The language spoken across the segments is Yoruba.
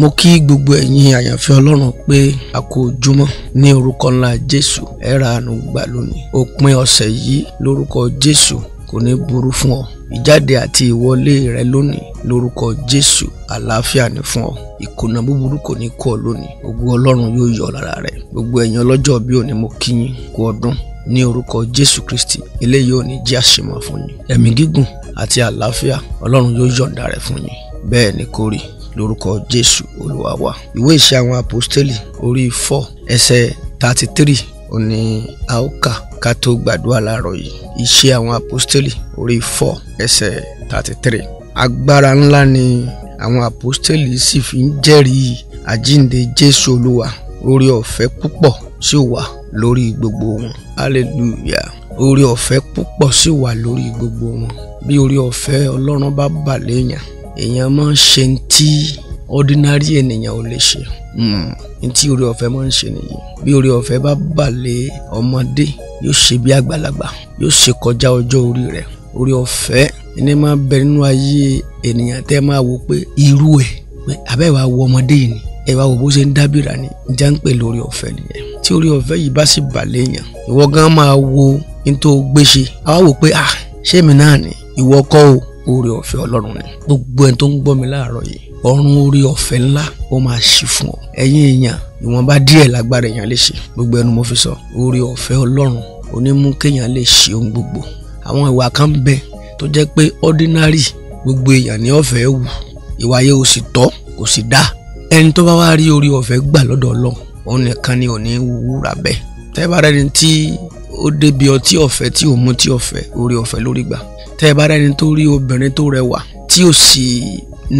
mo kí gbogbo ẹ̀yin àyànfẹ́ ọlọ́run pé a kú ojúmọ́ ní orúkọ ńlá jésù ẹ ra àánú gbà lónìí òpin ọ̀sẹ̀ yìí lórúkọ jésù kò ní burú fún ọ ìjáde àti ìwọlé rẹ lónìí lórúkọ jésù àlàáfíà ní fún ọ ìkùnà búburú kò ní kú ọ lónìí ògo ọlọ́run yóò yọ lára rẹ gbogbo ẹ̀yin ọlọ́jọ́ bí òní mo kí yín kú ọdún ní orúkọ jésù kristi eléyìí ò ní jẹ́ àṣemọ fún yín ẹ̀mí gígùn àti àlàáfíà ọlọ́run yóò yọ̀ǹda rẹ̀ fún yín bẹ́ẹ̀ ni kò lórúkọ jésù olúwa wa ìwé ìṣe àwọn apostoli orí four ẹsẹ̀ thirty three òní a ó kà ká tó gbàdúrà láàárọ̀ yìí ìṣe àwọn apostoli orí four ẹsẹ̀ thirty three agbára ńlá ni àwọn apostoli sì fi ń jẹ́rìí àjínde jésù olúwa orí ọ̀fẹ́ púpọ̀ sì wà lórí gbogbo wọn hallelujah orí ọ̀fẹ́ púpọ̀ sì wà lórí gbogbo wọn bí orí ọ̀fẹ́ ọlọ́run bá bà léèyàn èèyàn máa ń ṣe ní tí ordinary ènìyàn ò lè ṣe hmm. ní tí oore ọ̀fẹ́ máa ń ṣe nìyí bí oore ọ̀fẹ́ bá balẹ̀ ọmọdé yóò ṣe bí àgbàlagbà yóò ṣe kọjá ọjọ́ orí rẹ̀ oore ọ̀fẹ́ ẹni máa bẹ nínú ayé ènìyàn tẹ́ máa wò pé irú ẹ̀ pé abẹ́ wa wo ọmọdé yìí ni ẹ wá wò bó ṣe ń dábìrà ni ìjà ń pè lórí ọ̀fẹ́ nìyẹn tí oore ọ̀fẹ́ yìí bá sì balẹ̀ èèyàn ìwọ gan máa wo ní tó gbéṣe àwa wò pé ah ṣé èmi náà ni ìwọ kọ́ o oore ọ̀fẹ́ ọlọ́run ni gbogbo ẹni tó ń gbọ́ mi láàárọ̀ yìí ọ̀run oore ọ̀fẹ́ ńlá ó máa ṣí fún ọ ẹ̀yin èèyàn ìwọ̀nba díẹ̀ lágbára èèyàn lè ṣe gbogbo ẹnu mo fi sọ oore ọ̀fẹ́ ọlọ́run onímú kéèyàn lè ṣe ohun gbogbo àwọn ìwà kan bẹ tó jẹ́ pé ordinary gbogbo èèyàn ní ọ̀fẹ́ wù ìwà yẹn ò sì tọ́ kò sì dá ẹni tó bá wá rí oore ọ̀fẹ́ gbà lọ́dọ̀ ọlọ́run òun nìkan ni òní wúra bẹ́ẹ̀ tẹ́ bá rẹ́ni tí ó débi ọtí ọ̀fẹ́ tí ò mú tí ọ̀fẹ́ orí ọ̀fẹ́ lórí gbà tẹ́ ẹ bá rẹ́ni tó rí obìnrin tó rẹwà tí ò sì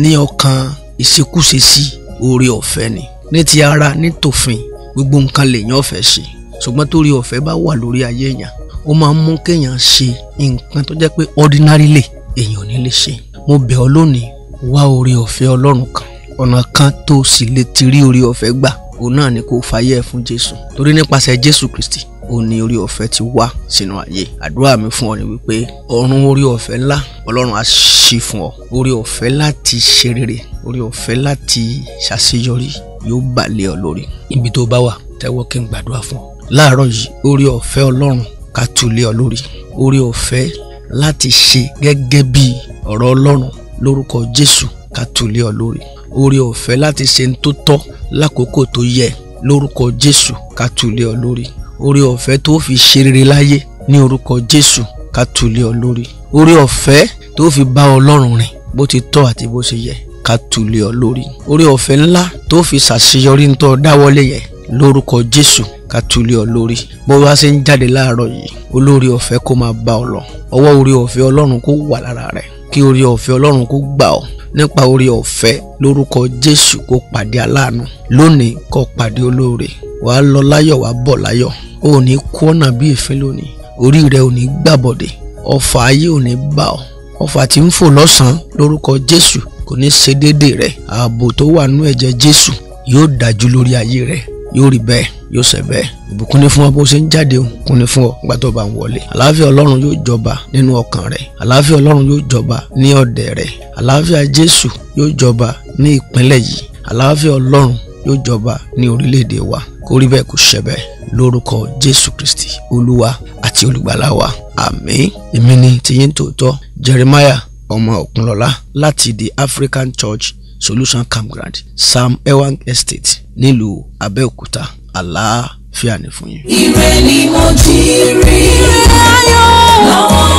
ní ọkàn ìṣekúṣe sí orí ọ̀fẹ́ ni ní ti ara ní tòfin gbogbo nǹkan lèèyàn ọ̀fẹ́ ṣe ṣùgbọ́n torí ọ̀fẹ́ bá wà lórí ayé èèyàn ó máa ń mú kéèyàn ṣe nǹkan tó jẹ́ pé ordinary lè èèyàn ò ní ṣe mo bẹ̀ ọ́ lónìí wá orí ọ̀fẹ́ ọlọ́run kan ọ̀nà kan tó sì lè ti rí orí ọ̀fẹ́ gbà òun náà ni kó fàyè ẹ̀ fún Jésù torí nípasẹ̀ Jésù Kristi ó ní orí ọ̀fẹ́ ti wá sínú ayé àdúrà mi fún ọ ni wípé ọ̀run orí ọ̀fẹ́ ńlá ọlọ́run á ṣí fún ọ orí ọ̀fẹ́ láti ṣe rere orí ọ̀fẹ́ láti ṣàṣeyọrí yóò balẹ̀ ọ lórí ibi tó bá wà tẹ́wọ́ kí n gbàdúrà fún ọ láàárọ̀ yìí orí ọ̀fẹ́ ọlọ́run ká tulẹ̀ ọ lórí orí ọ̀fẹ́ láti ṣe gẹ́gẹ́ bí ọ̀rọ̀ ọlọ́run lórúkọ jésù ká tulẹ̀ ọ lórí orí ọ̀fẹ́ láti ṣe ń tó tọ́ lákòókò tó yẹ lórúkọ jésù ká tulẹ̀ ọ lórí oore ọ̀fẹ́ tó fi ṣe rere láyé ní orúkọ Jésù ká tulẹ̀ ọ lórí oore ọ̀fẹ́ tó fi bá Ọlọ́run rìn bó ti tọ́ àti bó ṣe yẹ ká tulẹ̀ ọ lórí oore ọ̀fẹ́ ńlá tó fi ṣàṣeyọrí ń tọ́ dáwọ́lé yẹ lórúkọ Jésù ká tulẹ̀ ọ lórí bó wá ṣe ń jáde láàárọ̀ yìí olóore ọ̀fẹ́ kó máa bá ọ lọ ọwọ́ oore ọ̀fẹ́ Ọlọ́run kó wà lára rẹ kí oore ọ̀fẹ́ Ọlọ́run kó gbà ọ nípa oore ọ̀fẹ́ lórúkọ Jésù kó pàdé aláàánú lónìí kó pàdé olóore wàá lọ láyọ̀ wàá bọ̀ láyọ̀ o ò ní kú ọ̀nà bí èéfín lónìí orí rẹ ò ní gbàbọ̀dẹ̀ ọfà ayé ò ní bá ọ ọfà tí ń fò lọ́sàn-án lórúkọ Jésù kò ní ṣe déédéé rẹ ààbò tó wà nú ẹ̀jẹ̀ Jésù yóò dájú lórí ayé rẹ yóò rí bẹ́ẹ̀ yóò ṣe bẹ́ẹ̀ ìbùkún ni fún ọ bó ṣe ń jáde o kún ni fún ọ nígbà tó bá ń wọlé àlàáfíà ọlọ́run yóò jọba nínú ọkàn rẹ àlàáfíà ọlọ́run yóò jọba ní ọ̀dẹ̀ rẹ àlàáfíà Jésù yóò jọba ní ìpínlẹ̀ yìí àlàáfíà ọlọ́run yóò jọba ní orílẹ̀-èdè wa kó rí bẹ́ẹ̀ kó ṣẹ bẹ́ẹ̀ lórúkọ Jésù Kristi Olúwa àti Olùgbàlà wa àmín èmi ni tiyín tòótọ́ Jeremiah ọmọ Òkúnlọ́lá láti the African Church Solution Campground Sam Ewang Estate nílùú Abẹ́òkúta àlàáfíà ni fún yín. ire ni mo jí rí ayọ̀ lọ́wọ́.